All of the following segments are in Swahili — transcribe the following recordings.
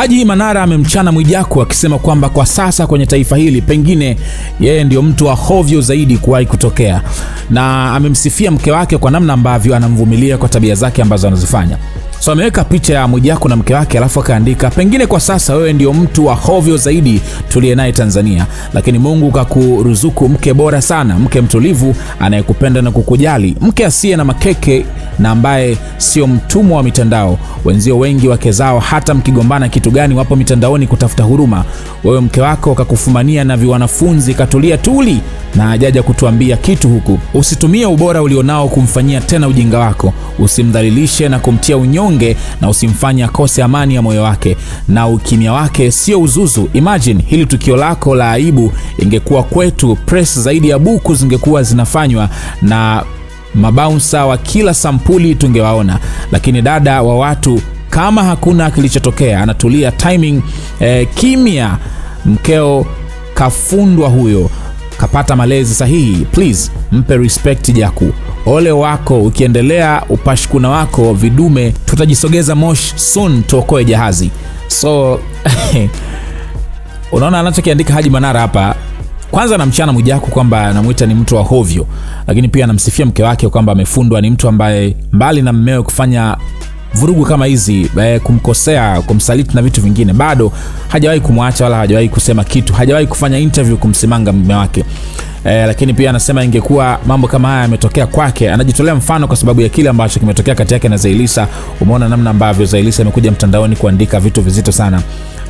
Haji Manara amemchana Mwijaku akisema kwamba kwa sasa kwenye taifa hili pengine yeye ndio mtu wa hovyo zaidi kuwahi kutokea, na amemsifia mke wake kwa namna ambavyo anamvumilia kwa tabia zake ambazo anazifanya. So ameweka picha ya Mwijaku na mke wake, alafu akaandika, pengine kwa sasa wewe ndio mtu wa hovyo zaidi tuliye naye Tanzania, lakini Mungu kakuruzuku mke bora sana, mke mtulivu anayekupenda na kukujali, mke asiye na makeke na ambaye sio mtumwa wa mitandao. Wenzio wengi wake zao, hata mkigombana kitu gani, wapo mitandaoni kutafuta huruma. Wewe mke wako kakufumania na viwanafunzi, katulia tuli na ajaja kutuambia kitu huku. Usitumie ubora ulionao kumfanyia tena ujinga wako, usimdhalilishe na kumtia unyonge mnyonge na usimfanye akose amani ya moyo wake, na ukimya wake sio uzuzu. Imagine hili tukio lako la aibu, ingekuwa kwetu press zaidi ya buku zingekuwa zinafanywa na mabaunsa wa kila sampuli tungewaona, lakini dada wa watu kama hakuna kilichotokea, anatulia timing, eh, kimya. Mkeo kafundwa huyo kapata malezi sahihi, please mpe respect Jaku. Ole wako ukiendelea upashkuna wako vidume, tutajisogeza mosh soon, tuokoe jahazi. So unaona anachokiandika Haji Manara hapa kwanza namchana Mwijaku kwamba anamwita ni mtu wa hovyo, lakini pia anamsifia mke wake kwamba amefundwa. Ni mtu ambaye mbali na mmewe kufanya vurugu kama hizi eh, kumkosea, kumsaliti na vitu vingine, bado hajawahi kumwacha wala hajawahi kusema kitu, hajawahi kufanya interview kumsimanga mume wake. E, lakini pia anasema ingekuwa mambo kama haya yametokea kwake, anajitolea mfano kwa sababu ya kile ambacho kimetokea kati yake na Zailisa. Umeona namna ambavyo Zailisa amekuja mtandaoni kuandika vitu vizito sana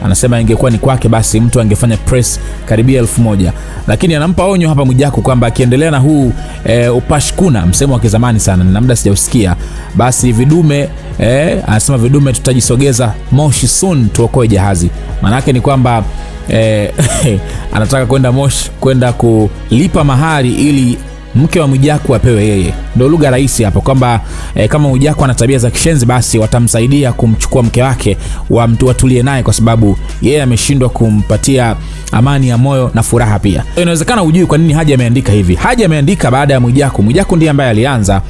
anasema ingekuwa ni kwake basi mtu angefanya press karibia elfu moja lakini anampa onyo hapa Mwijaku kwamba akiendelea na huu e, upashkuna msemo wa kizamani sana na muda sijausikia, basi vidume e, anasema vidume tutajisogeza Moshi sun tuokoe jahazi. Maanake ni kwamba e, anataka kwenda Moshi kwenda kulipa mahari ili mke wa Mwijaku apewe yeye. Ndio lugha rahisi hapo kwamba e, kama ujako ana tabia za kishenzi, basi watamsaidia kumchukua mke wake wa mtu watulie naye, kwa sababu yeye ameshindwa kumpatia amani ya moyo na furaha pia. Inawezekana ujui kwa nini Haji ameandika hivi. Haji ameandika baada ya Mwijaku. Mwijaku ndiye ambaye alianza,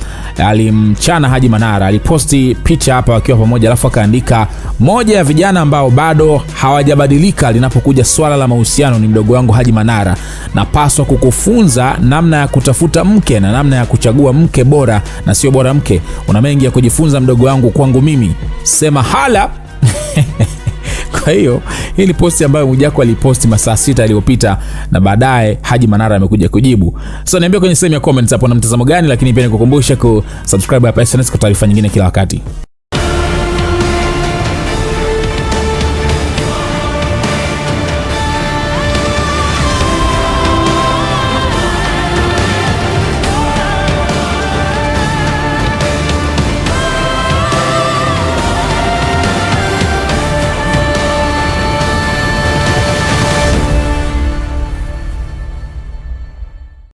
alimchana Haji Manara, aliposti picha hapa wakiwa pamoja, alafu akaandika, moja ya vijana ambao bado hawajabadilika linapokuja swala la mahusiano ni mdogo wangu Haji Manara, napaswa kukufunza namna ya kutafuta mke na namna ya kuchagua mke mke bora na sio bora mke. Una mengi ya kujifunza mdogo wangu, kwangu mimi sema hala Kwa hiyo hii ni posti ambayo Mwijaku aliposti masaa sita yaliyopita na baadaye Haji Manara amekuja kujibu. So niambia kwenye sehemu ya comments hapo na mtazamo gani, lakini pia nikukumbusha kusubscribe hapa SnS kwa taarifa nyingine kila wakati.